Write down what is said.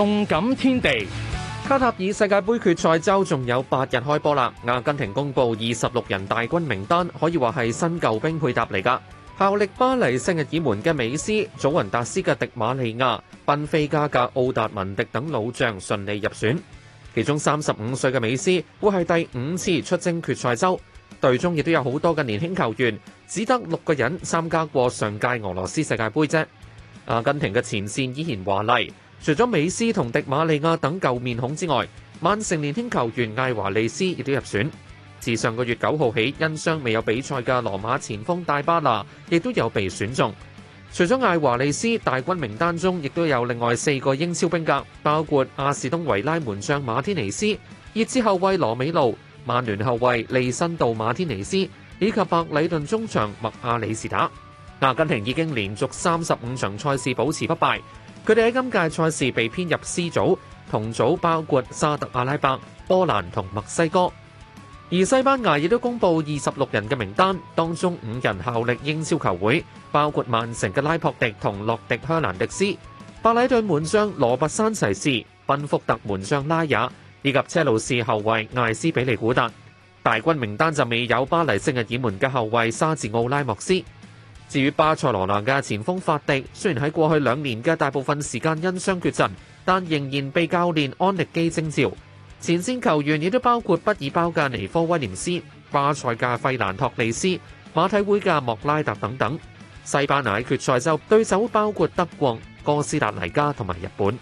動感天地，卡塔爾世界盃決賽周仲有八日開波啦。阿根廷公布二十六人大軍名單，可以話係新舊兵配搭嚟㗎。效力巴黎、聖日耳門嘅美斯、祖雲達斯嘅迪馬利亞、賓菲加嘅奧達文迪等老將順利入選。其中三十五歲嘅美斯會係第五次出征決賽周，隊中亦都有好多嘅年輕球員，只得六個人參加過上屆俄羅斯世界盃啫。阿根廷嘅前線依然華麗。除咗美斯同迪馬利亞等舊面孔之外，曼城年輕球員艾華利斯亦都入選。自上個月九號起因傷未有比賽嘅羅馬前鋒大巴拿亦都有被選中。除咗艾華利斯，大軍名單中亦都有另外四個英超兵格，包括阿士東維拉門將馬天尼斯，熱刺後衛羅美路，曼聯後衛利申道馬天尼斯，以及白禮頓中場麥亞里斯打。阿根廷已經連續三十五場賽事保持不敗。佢哋喺今屆賽事被編入 C 組，同組包括沙特阿拉伯、波蘭同墨西哥。而西班牙亦都公布二十六人嘅名單，當中五人效力英超球會，包括曼城嘅拉珀迪同洛迪香蘭迪斯、白禮頓門將羅伯山齊士、賓福特門將拉雅，以及車路士後衛艾斯比利古達。大軍名單就未有巴黎聖日耳門嘅後衛沙治奧拉莫斯。至於巴塞羅那嘅前鋒法迪，雖然喺過去兩年嘅大部分時間因傷缺陣，但仍然被教練安力基徵召。前線球員亦都包括畢爾包嘅尼科威廉斯、巴塞嘅費蘭托利斯、馬體會嘅莫拉特等等。西班牙決賽周對手包括德國、哥斯達黎加同埋日本。